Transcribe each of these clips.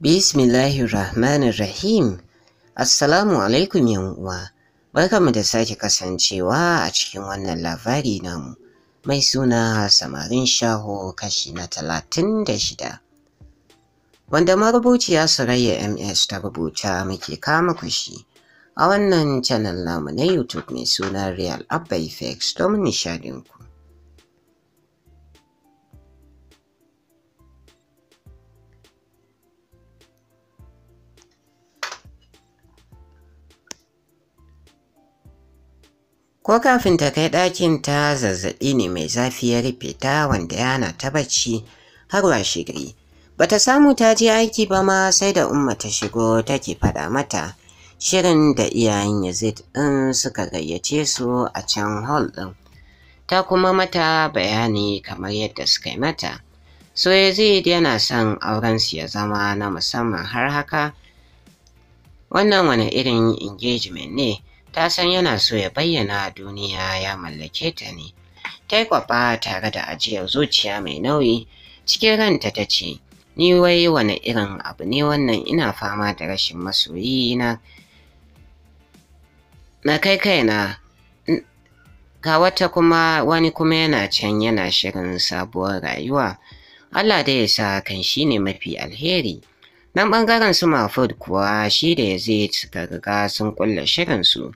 Bismillahirrahmanirrahim. Assalamu alaikum uwa. mu da sake kasancewa a cikin wannan labari namu. Mai suna samarin shaho kashi na talatin da shida. Wanda marubuci marubuciya Surayya MS ta rubuta muke kama kushi a wannan channel namu na YouTube mai suna Real Abba Effects domin nishadinku. Ko kafin ta kai ɗakin ta zazzaɓi ne mai zafi ya rufe ta wanda yana ta bacci har washe ba Bata samu ta je aiki ba ma sai da umma ta shigo take faɗa mata shirin da iyayen Yazid ɗin suka gayyace su a can hall ɗin. Ta kuma mata bayani kamar yadda suka yi mata. So Yazid yana son aurensu ya zama na musamman har haka. Wannan wani irin engagement ne ta san yana so ya bayyana duniya ya mallake ta ne. Ta yi kwaɓa tare da ajiyar zuciya mai nauyi, cikin ranta ta ce, Ni wai wani irin abu ne wannan ina fama da rashin masoyi na na kai kaina ga wata kuma wani kuma yana can yana shirin sabuwar rayuwa. Allah da ya sa kan shi ne mafi alheri. Nan ɓangaren su Mahfud kuwa shi da ya zai suka riga sun kulle shirinsu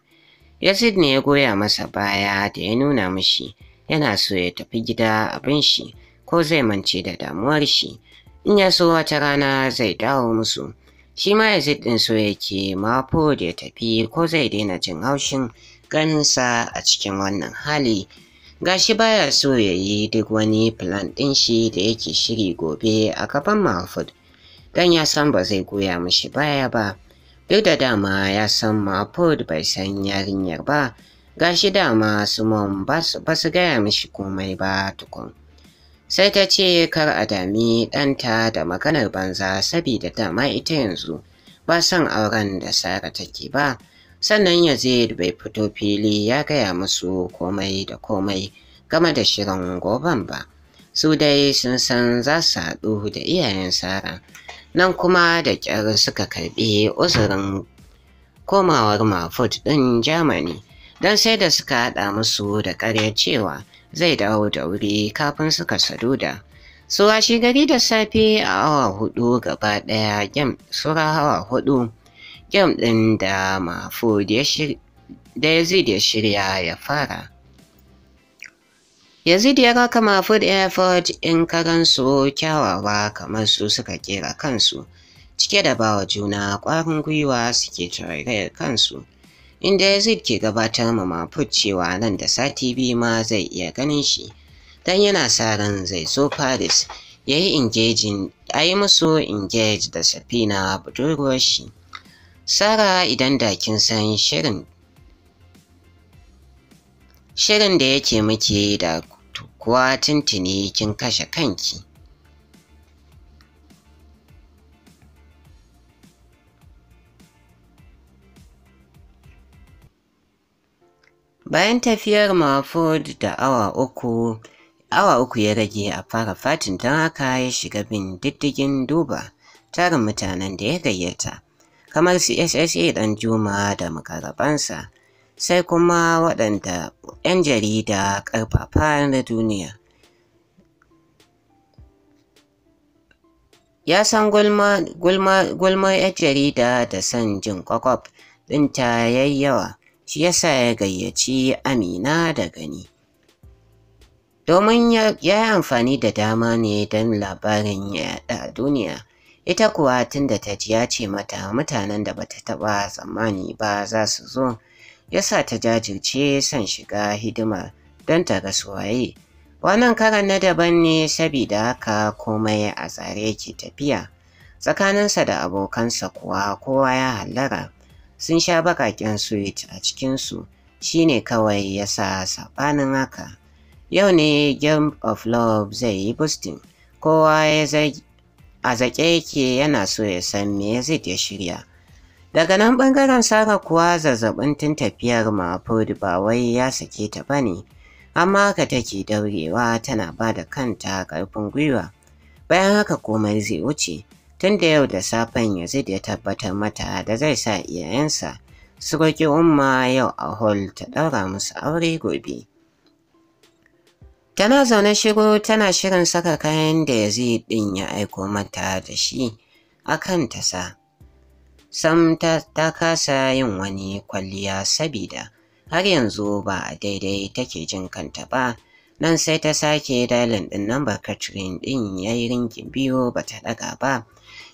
Yazid ne ya goya masa baya da ya nuna mashi, yana so ya tafi gida abin shi ko zai mance da damuwar shi in ya so wata rana zai dawo musu shi ma Yazid din so yake mafo da ya tafi ko zai daina jin haushin ganinsa a cikin wannan hali gashi baya so ya yi duk wani plan ɗin shi da yake shiri gobe a gaban Mahfud dan ya san ba zai goya mishi baya ba. duk da dama ya san Mahmud bai san yarinyar ba, gashi dama Sumon ba su gaya mishi komai ba tukun. Sai ta ce kar a dami ɗanta da maganar banza sabida dama ita yanzu ba son auren da Sara take ba, sannan Yazid bai fito fili ya gaya musu komai da komai game da shirin goban ba. Su dai sun san za su haɗu da iyayen Sara. nan kuma da kyar suka karɓi uzurin komawar mafut ɗin Germany don sai da suka haɗa musu da ƙarya cewa zai dawo da wuri kafin suka saduda. Su washi gari da safe a awa hudu gaba ɗaya gem sura awa hudu gem ɗin da mafud ya shirya ya fara. Yazid ya ga food effort in ka gan su kyawawa kamar su suka kera kansu, cike da bawa juna ƙwarin gwiwa suke tarayyar kansu. Inda Yazid ke gabatar ma mafud cewa nan da sati biyu ma zai iya ganin shi, don yana sa ran zai so Paris ya yi engaging, a yi musu engage da safina budurwar shi. Sara idan da kin san shirin Shirin da yake muke da kuwa tuntuni kin kashe kanki. Bayan tafiyar mafod da awa uku, awa uku ya rage a fara fatin don haka ya shiga bin diddigin duba tarin mutanen da ya gayyata, kamar su SSA dan Juma da makarabansa, sai kuma waɗanda 'yan jarida ƙarfafa na duniya. Ya san gulma, 'yan jarida da son jin ƙwaƙwaf ɗinta ta yi yawa, shi sa ya gayyaci Amina da gani. Domin ya yi amfani da dama ne don labarin yaɗa duniya, ita kuwa tun da ta ji ya ce mata mutanen da bata taɓa zamani ba za su zo. ya sa ta jajirce son shiga hidima don ta ga suwaye. Wannan karan na daban ne sabida haka komai a tsare yake tafiya. Tsakaninsa da abokansa kuwa kowa ya hallara. Sun sha bakakin suwit a cikinsu shi ne kawai ya sa saɓanin haka. Yau ne Game of Love zai yi bustin. Kowa ya a zaƙe yake yana so ya san me zai ya shirya. Daga nan ɓangaren Sara kuwa zazzaɓin tun tafiyar Mahmud ba wai ya sake ta ba ne, amma ka take daurewa tana ba da kanta ƙarfin gwiwa. Bayan haka komai zai wuce, tun da yau da safen Yazid ya tabbatar mata da zai sa iyayensa su roƙi umma yau a hol ta ɗaura musu aure gobe. Tana zaune shiru tana shirin saka kayan da Yazid ɗin ya aiko mata da shi a kan ta sa. sam ta, ta kasa yin wani kwalliya sabida har yanzu ba a daidai take jin kanta ba nan sai ta sake dalin din nan ba katrin din yayi yi rinkin biyu ba ta daga ba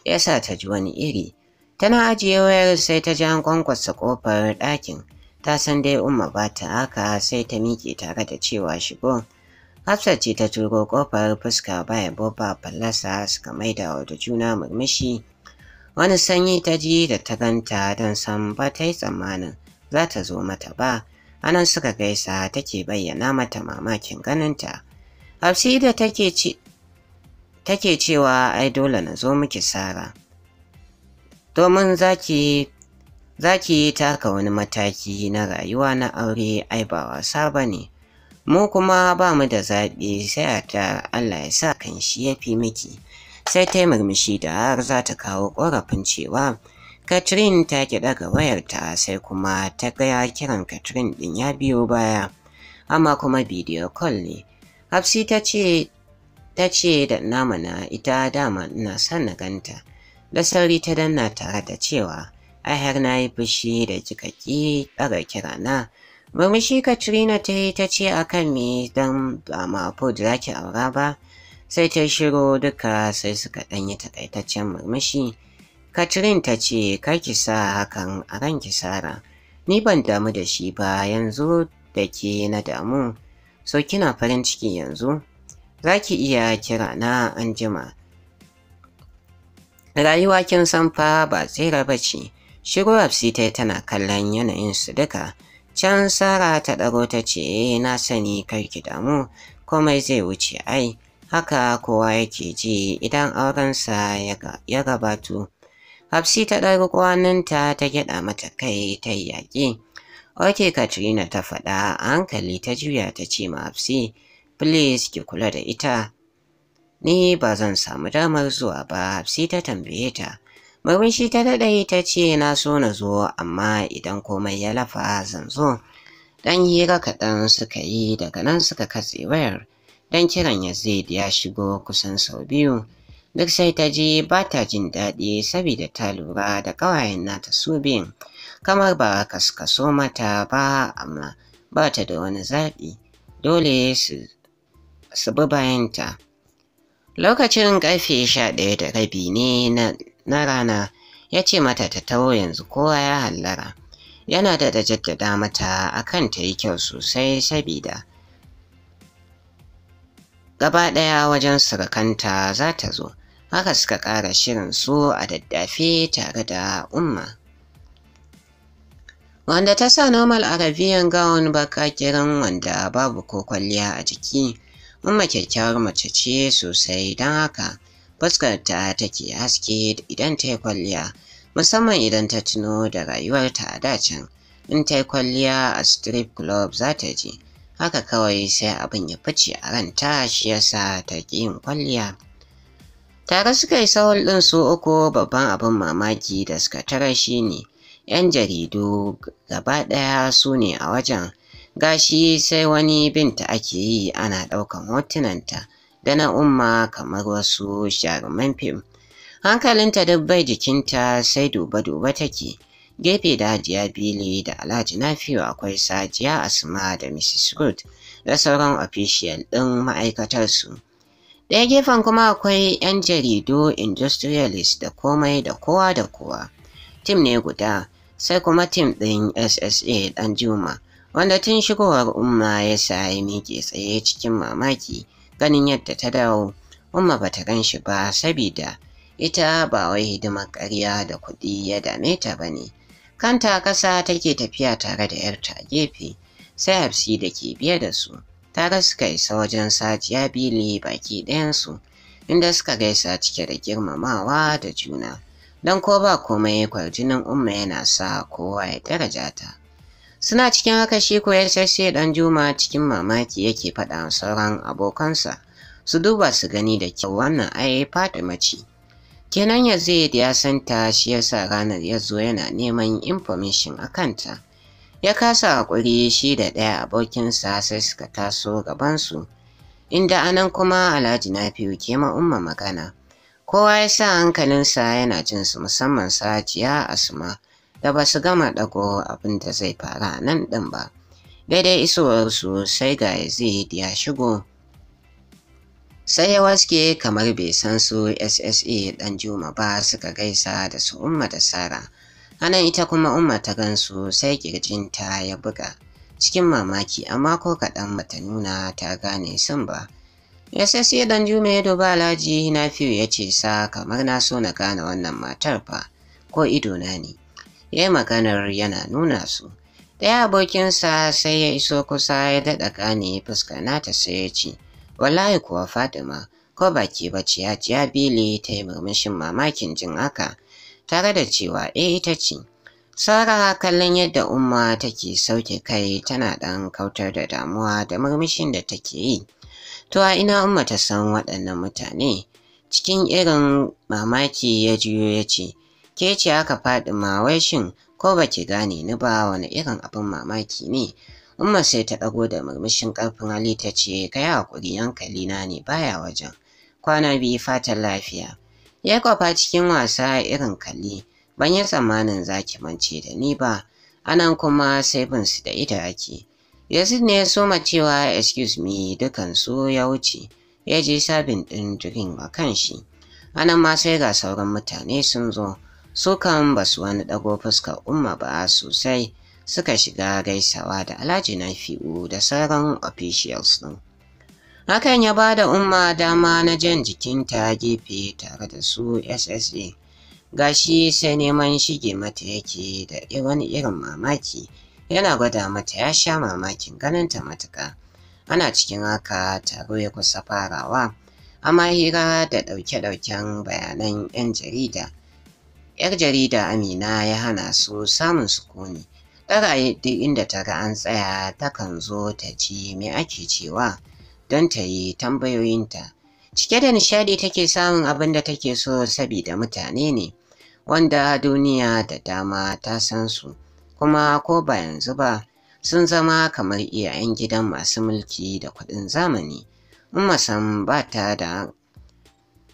yasa ta ji wani iri tana ajiye wayar sai ta ji an kwankwasa ƙofar ɗakin ta san dai umma ba ta haka sai ta miƙe tare da cewa shigo Hafsat ce ta turo ƙofar fuska bayan Boba Fallasa suka maida wa da juna murmushi Wani sanyi ta ji da ta ganta don san ba ta yi tsammanin za ta zo mata ba, anan suka gaisa take bayyana mata mamakin ganinta. Hafsi da take cewa ai dole na zo miki Sara. Domin zaki yi taka wani mataki na rayuwa na aure ai ba wasa ba ne, Mu kuma ba mu da zaɓi sai a ta Allah ya sa kan shi ya fi miki. sai ta yi murmushi da har za ta kawo ƙorafin cewa Katrin ta ki daga wayarta sai kuma ta gaya kiran Katrin ɗin ya biyo baya, amma kuma bidiyo call ne. Hafsi ta ce da namana ita dama ina son na ganta, da sauri ta danna tare da cewa ai har na yi fushi da kika ara ɗaga na. Murmushi Katrina ta yi ta ce a kan me don ba ma Ford za ki aura ba, sai ta shiro duka sai suka ɗanyi takaitaccen murmushi katrin ta ce ki sa hakan a ranki sara ni ban damu da shi ba yanzu da ke na damu so kina farin ciki yanzu za ki iya kira na anjima rayuwa kin san fa ba tsira ba ce shiru ta tana kallon yanayin su duka can sara ta ɗago ta ce eh, na sani kar ki damu komai zai wuce ai haka kowa yake ji idan aurensa ya gabatu. Hafsi ta ɗago kwaninta ta gyaɗa mata kai ta yi yaƙi. Oke Katrina ta faɗa a hankali ta juya ta ce ma Hafsi, please ki kula da ita. Ni ba zan samu damar zuwa ba, Hafsi ta tambaye ta. Murmushi ta daɗai ta ce na so na zo amma idan komai ya lafa zan zo. Ɗan hira kaɗan suka yi daga nan suka katse wayar. don kiran Yazid ya shigo kusan sau biyu. Duk sai ta ji ba ta jin daɗi saboda ta lura da ƙawayen nata su biyun, kamar ba kaskaso mata ba amma ba ta da wani zaɓi, dole su bi bayanta. Lokacin ƙarfe sha ɗaya da rabi ne na rana ya ce mata ta taho yanzu kowa ya hallara. Yana da da jaddada mata akan ta yi kyau sosai sabida gaba ɗaya wajen surukanta za ta zo haka suka ƙara shirin su a daddafe tare da umma wanda ta sa normal arabian gown bakakirin wanda babu ko kwalliya a jiki umma kyakkyawar mace ce sosai don haka fuskarta take haske idan ta yi kwalliya musamman idan ta tuno da rayuwarta a dacin in ta yi kwalliya a strip club za ta je haka kawai sai abin ya fice a ranta shi yasa ta ƙi yin kwalliya tare suka yi sahul ɗin su uku babban abin mamaki da suka tara shi ne 'yan jaridu gaba ɗaya su ne a wajen gashi sai wani binta ake yi ana ɗaukan hotunanta da na umma kamar wasu jaruman fim hankalinta duk bai jikinta sai duba-duba take gefe da hajiya bili da alhaji nafiu akwai sajiya asma da mrs Ruth da sauran official ɗin ma'aikatarsu ɗaya gefen kuma akwai 'yan jaridu industrialist da komai da kowa da kowa tim ne guda sai kuma tim ɗin ssa ɗan juma wanda tun shigowar umma ya sayi miƙe tsaye cikin mamaki ganin yadda ta dawo umma bata gan shi ba sabida ita ba wai hidimar ƙarya da kuɗi ya dame ta ba ne kanta ƙasa take tafiya tare da ‘yarta a gefe sai hafsi da ke biye da su ta ga suka isa wajen sajiya bili baki ɗayansu inda suka gaisa cike da girmamawa da juna don ko ba komai kwarjinin umma yana sa kowa ya daraja ta suna cikin haka shi ko sai dan juma cikin mamaki yake faɗa sauran abokansa su duba su gani da kyau wannan ai fatima ce kenan yazid ya san ta shi yasa ranar ya zo yana neman information a kanta ya kasa haƙuri shi da ɗaya abokinsa sai suka taso gabansu inda anan kuma alhaji na fiye ke ma'umma magana kowa ya sa hankalinsa yana jin su musamman sajiya asma da ba su gama ɗago abin da zai fara nan ɗin ba daidai isowarsu sai ga yazid ya shigo sai ya waske kamar bai san su SSA dan Juma ba suka gaisa da su Umma da Sara. Anan ita kuma Umma ta gansu sai kirjinta ya buga. Cikin mamaki amma ko kaɗan mata nuna ta gane sun ba. SSA dan Juma ya duba Alhaji fiye ya ce sa kamar na so na gane wannan matar fa ko ido na ne. Ya yi maganar yana nuna su. Ɗaya abokinsa sai ya iso kusa ya daɗa gane fuska nata sai ya ce, Wallahi kuwa Fatima ko baki ba ciyaciya bili ta yi murmushin mamakin jin haka tare da cewa eh ita ce. Sara kallon yadda Umma take sauke kai tana ɗan kautar da damuwa da murmushin da take yi. To a ina Umma ta san waɗannan mutane? Cikin irin mamaki ya juyo ya ce, Ke ce aka faɗi wai shin ko baki gane ni ba wani irin abin mamaki ne Umma sai ta ɗago da murmushin ƙarfin hali ta ce, Kai hakuri hankali na ne baya wajen. Kwana biyu fatan lafiya. Ya kwafa cikin wasa irin kalli, ban yi tsammanin zaki mance da ni ba, anan kuma sai bin su da ita ake. Yazid ne ya soma cewa excuse me dukansu ya wuce, ya je sabin ɗin jirgin a kan shi. Anan ma sai ga sauran mutane sun zo, su kan basu wani ɗago fuskar umma ba sosai. suka shiga gaisawa da Alhaji Nafi'u da sauran officials ɗin. Hakan ya ba da umma dama na jan jikinta gefe tare da su SSA. Gashi sai neman shige mata yake da wani irin mamaki yana gwada mata ya sha mamakin ganinta matuka. Ana cikin haka taro ya kusa farawa, amma hira da ɗauke-ɗauken bayanan 'yan jarida. 'Yar jarida Amina ya hana su samun sukuni. Daga duk inda ta ga an tsaya takan zo ta ci me ake cewa don ta yi tambayoyinta. Cike da nishadi take samun abin da take so sabida mutane ne wanda duniya da dama ta san su kuma ko ba yanzu ba sun zama kamar iyayen gidan masu mulki da kuɗin zamani. in Sam ba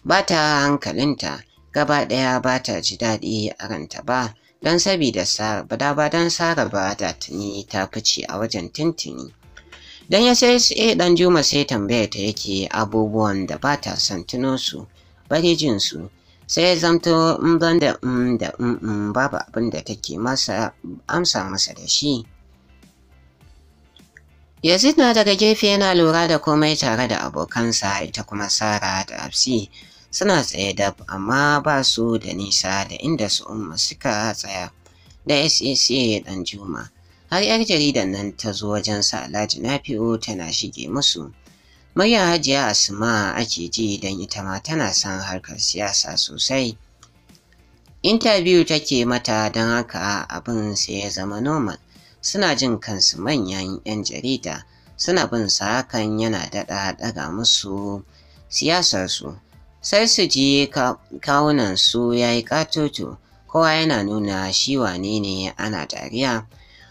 ba ta hankalinta gaba ɗaya ba ta ji daɗi a ranta ba don sabida da ba don Sara ba da tuni ta fice a wajen tintini. Don ya sai sai dan Juma sai tambaya ta yake abubuwan da ba ta son tuno su, jin su. Sai ya zamto in ban da in da in babu abin da take masa amsa masa da shi. Yazid na daga gefe yana lura da komai tare da abokansa ita kuma Sara da Afsi. suna tsaye dab amma ba su da nisa da inda su umma suka tsaya da SAC dan Juma. Har 'yar jaridan nan ta zo wajen sa Alhaji Nafi'u tana shige musu. Maryam Hajiya Asma ake ji don ita ma tana san harkar siyasa sosai. Intabiyu take mata don haka abin sai ya zama normal. Suna jin kansu manyan 'yan jarida, suna bin sa hakan yana daɗa daga musu siyasarsu. sai su ji kawunan su ya yi katoto kowa yana nuna shi wane ne ana dariya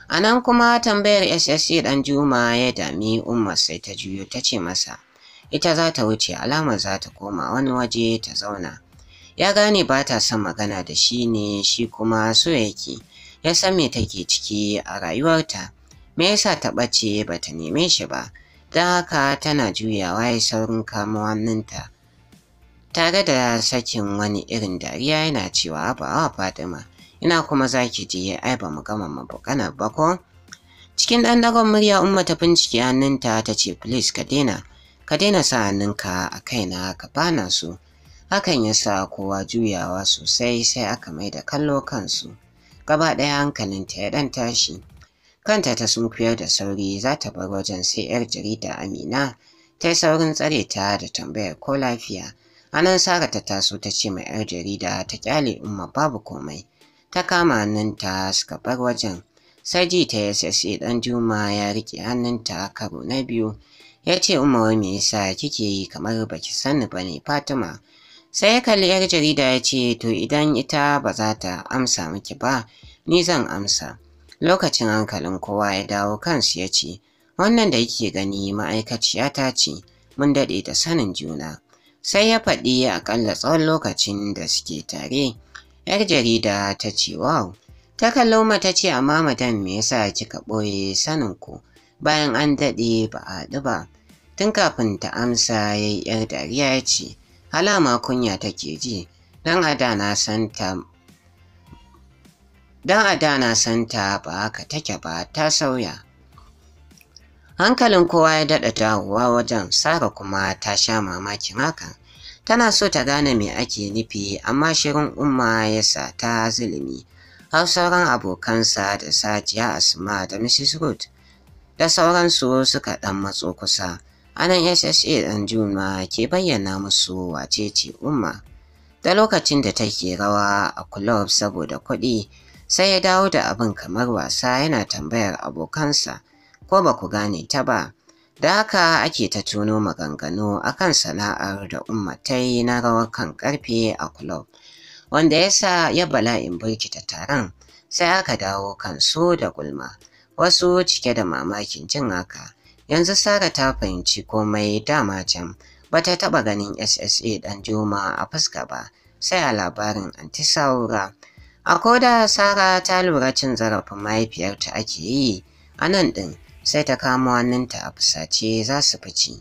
a nan kuma tambayar ssc dan juma ya dami umar sai ta juyo ta ce masa ita za ta wuce alamar za ta koma wani waje ta zauna ya gane ba ta son magana da shi ne shi kuma so yake ya san me take ciki a rayuwarta me yasa ta ɓace ba ta neme shi ba don haka tana juyawa ya saurin kamo hannunta tare da sakin wani irin dariya yana cewa ba wa Fatima ina kuma zaki je ai ba mu gama mabukanar ba ko cikin ɗan dagon murya umma ta bincike hannunta ta ce please ka daina ka daina sa hannunka a kaina ka bana su hakan ya sa kowa juyawa sosai sai aka mai da kallo kansu gaba ɗaya hankalinta ya ɗan tashi kanta ta sunkuyar da sauri za ta bar wajen sai yar jarida amina ta yi saurin tsare ta da tambayar ko lafiya anan sara ta taso ta ce mai yar jarida ta kyale umma babu komai ta kama hannunta suka bar wajen sai ji ta ssa dan juma ya rike hannunta karo na biyu ya ce umma wai me yasa kike yi kamar baki sani bane fatima sai ya kalli yar jarida ya ce to idan ita ba za ta amsa miki ba ni zan amsa lokacin hankalin kowa ya dawo kansu ya ce wannan da yake gani ma'aikaciya ta ce mun daɗe da sanin juna sai ya faɗi aƙalla tsawon lokacin da suke tare. ‘Yar jarida ta ce wow, ta kallo mata ce amma madam me yasa kika ɓoye sanin ku bayan an daɗe ba a haɗu ba. Tun kafin ta amsa ya yi ‘yar dariya ya ce, alama kunya take ji, don a da na san ta Don a da na san ba haka take ba ta sauya. Hankalin kowa ya daɗa dawowa wajen Sara kuma ta sha mamakin hakan. Tana so ta gane me ake nufi amma shirin umma ya sa ta zulumi. Har sauran abokansa da Sajiya Asma da Mrs. Ruth da sauransu suka ɗan matso kusa. Anan SSA ɗan Juma ke bayyana musu wace ce umma. Da lokacin da take rawa a kulob saboda kuɗi sai ya dawo da abin kamar wasa yana tambayar abokansa. ko ba ku gane ta ba. Da haka ake ta tuno maganganu a kan sana'ar da ummatai na rawar kan karfe a kulob, wanda ya sa ya bala'in birkita taron sai aka dawo kan kansu da gulma. Wasu cike da mamakin jin haka, yanzu Sara ta fahimci komai dama can, ba ta taɓa ganin SSA ɗan Juma a fuska ba, sai a labarin Antisaura. A koda Sara ta lura cin zarafin mahaifiyarta ake yi, a nan ɗin sai ta kama hannunta a fusace za su fice.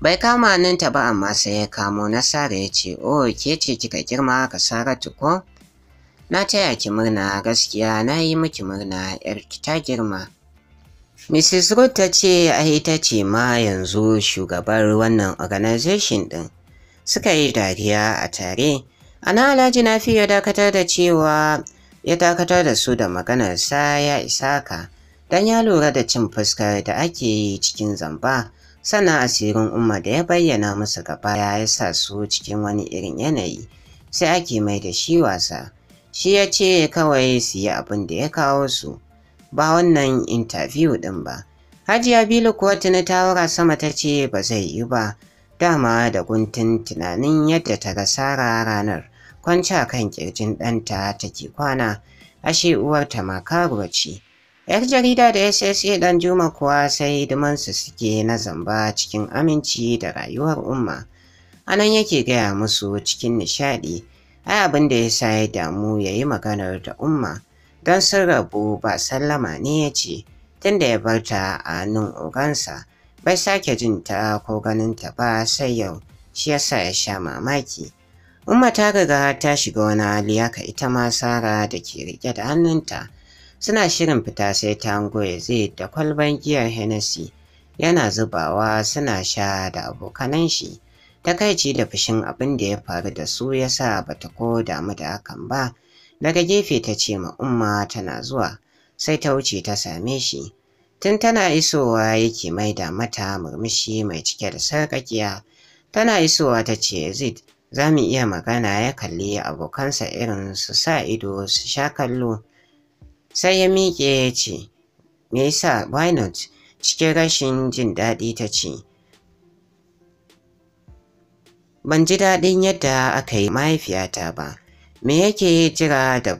Bai kama hannunta ba amma sai ya kamo Nasara ya ce, "O, oh, ke ce kika girma ka Saratu ko?" Na taya ki murna gaskiya na yi miki murna 'yar ki ta girma. Mrs. Root ta ce ai ta ce ma yanzu shugabar wannan organization ɗin. Suka yi dariya a tare, ana alhaji na fi ya dakatar da cewa ya dakatar da su da maganarsa ya isa ka. don ya lura da cin fuskar da ake yi cikin zamba sannan asirin umma da ya bayyana musu gaba ya sa su cikin wani irin yanayi sai ake mai da shi wasa shi ya ce kawai su yi abin da ya kawo su ba wannan interview din ba hajiya bilu kuwa tuni ta sama ta ce ba zai yi ba dama da guntun tunanin yadda ta ga sara ranar kwanci kan kirjin ɗanta take kwana ashe uwarta ma karuwa ce yar jarida da ssa dan juma kuwa sai hidimansu suke na zamba cikin aminci da rayuwar umma a nan yake gaya musu cikin nishaɗi ai abin da ya sa ya damu ya yi maganar da umma don sun rabu ba sallama ne ya ce tunda ya bar ta a nun ogansa bai sake jin ta ko ganin ta ba sai yau shi yasa ya sha mamaki umma ta riga ta shiga wani hali ita ma sara da ke rike da hannunta Suna shirin fita sai tangoye zai da kwalban giyar Hennessy yana zubawa suna sha da abokanan shi. Takaici da fushin abin da ya faru da su ya sa bata ko damu da hakan ba. Daga gefe ta ce ma umma tana zuwa sai ta wuce ta same shi. Tun tana isowa yake mai da mata murmushi mai cike da sarƙaƙiya. Tana isowa ta ce Zid za mu iya magana ya kalli abokansa irin su sa ido su sha kallo. sai ya miƙe ya ce, Me yasa why not? Cikin rashin jin daɗi ta ce, Ban ji daɗin yadda aka yi mahaifiyata ba, me yake jira da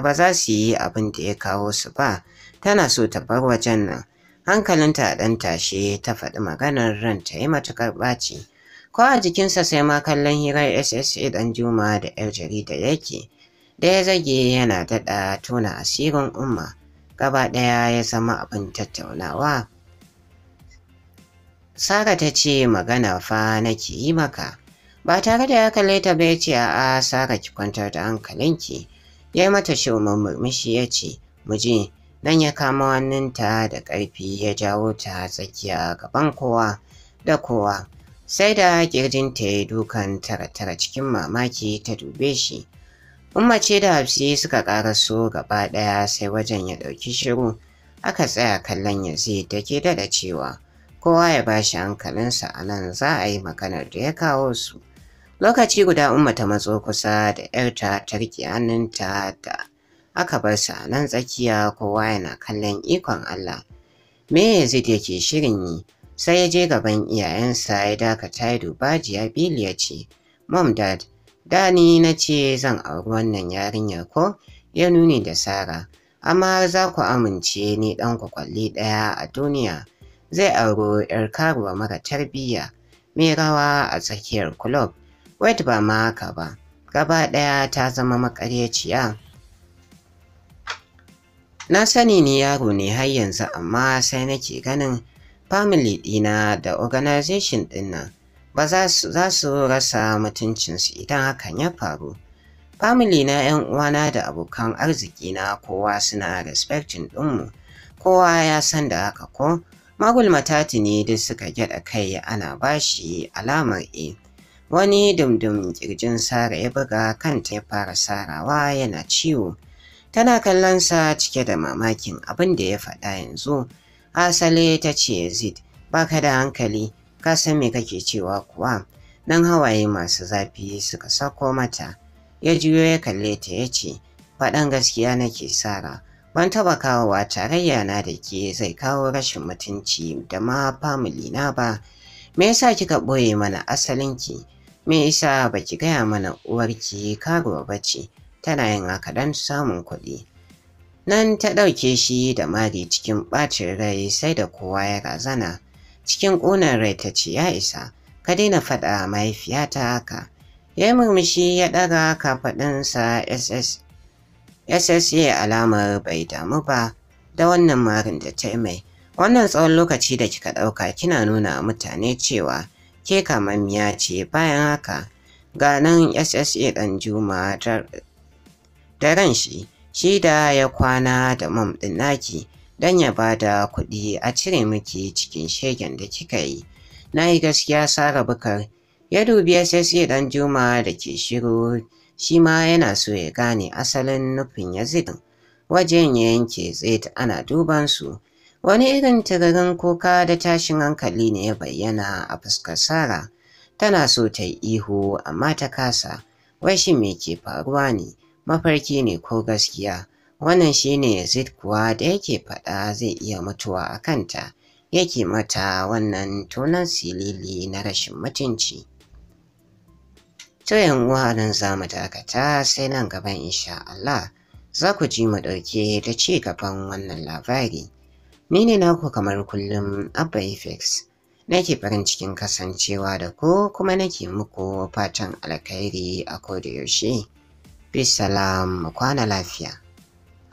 ba za su yi abin da ya kawo su ba, tana so ta bar wajen nan. Hankalinta a ɗan tashe ta faɗi maganar ran ta yi matuƙar ɓaci. Ko a jikinsa sai ma kallon hirar SSA ɗan Juma da 'yar jarida yake. da ya zage yana daɗa tona asirin umma gaba ɗaya ya zama abin tattaunawa sara ta ce magana fa nake yi maka ba tare da ya kalle ta ba ce a sara ki kwantar da hankalinki ya yi mata shuman murmushi ya ce muje nan ya kama wannanta da ƙarfi ya jawo ta tsakiya gaban kowa da kowa sai da kirjinta ya dukan tara-tara cikin mamaki ta dube shi Umma ce da Hafsi suka ƙaraso gaba ɗaya sai wajen ya ɗauki shiru aka tsaya kallon Yazid da ke da cewa kowa ya ba shi hankalinsa a nan za a yi maganar da ya kawo su. Lokaci guda Umma ta matso kusa da ‘yarta ta riƙe hannunta da aka bar su a nan tsakiya kowa yana kallon ikon Allah. Me Yazid yake shirin yi sai ya je gaban iyayensa ya dakata ya duba jiya Bill ya ce, Mom Dad, Da ni na ce zan auri wannan yarinya ko? Ya nuni da Sara. Amma za ku amince ni ɗan kwakwalli daya a duniya. Zai auro 'yar karuwa mara tarbiyya. Mai rawa a tsakiyar kulob. Wait ba ma haka ba. Gaba ɗaya ta zama makaryaciya. Na sani ni yaro ne har yanzu amma sai nake ganin family ɗina da organization ɗin nan ba za su rasa mutuncinsu idan hakan ya faru. Famili na ‘yan uwana da abokan arziki na kowa suna respectin ɗinmu, kowa ya san da haka ko, magulmatati ne duk suka gyaɗa kai ana bashi alamar E. Wani dumdum kirjin Sara ya buga kanta ya fara sarawa yana ciwo. Tana kallonsa cike da mamakin abin da ya faɗa yanzu. asali ta ce zid baka da hankali, ka san me kake cewa kuwa nan hawaye masu zafi suka sako mata ya juyo ya kalle ta ya ce faɗan gaskiya nake sara ban taɓa kawowa tarayya na da ke zai kawo rashin mutunci da ma famili na ba me yasa kika ɓoye mana asalinki me yasa baki gaya mana uwarki karuwa ce tana yin haka don samun kuɗi nan ta ɗauke shi da mari cikin ɓacin rai sai da kowa ya razana cikin ƙunar rai ta ce ya isa ka daina faɗa mahaifiyata haka ya yi murmushi ya ɗaga kafaɗinsa ss ssa alamar bai damu ba da wannan marin da ta mai wannan tsawon lokaci da kika ɗauka kina nuna mutane cewa ke kamammiya ce bayan haka ga nan ssa ɗan juma da ran shi shi da ya kwana da mam ɗin naki don ya ba da kuɗi a cire miki cikin shegen da kika yi. Na yi gaskiya Sara Bukar, ya dubi ya sai sai dan Juma da ke shiru, shi ma yana so ya gane asalin nufin Yazid. Wajen ya yanke tsit ana duban su, wani irin turirin kuka da tashin hankali ne ya bayyana a fuskar Sara. Tana so ta yi ihu amma ta kasa, wai shi me ke faruwa ne, mafarki ne ko gaskiya. Wannan shine Yazid kuwa da yake faɗa zai iya mutuwa a kanta, yake mata wannan tonan silili na rashin mutunci. To uwa nan za mu dakata sai nan gaban insha Allah za ku ji mu ɗauke da ci gaban wannan labari. Ni ne naku kamar kullum Abba Effects. nake farin cikin kasancewa da ku kuma nake muku fatan alkhairi a koda yaushe. Bisalam kwana lafiya.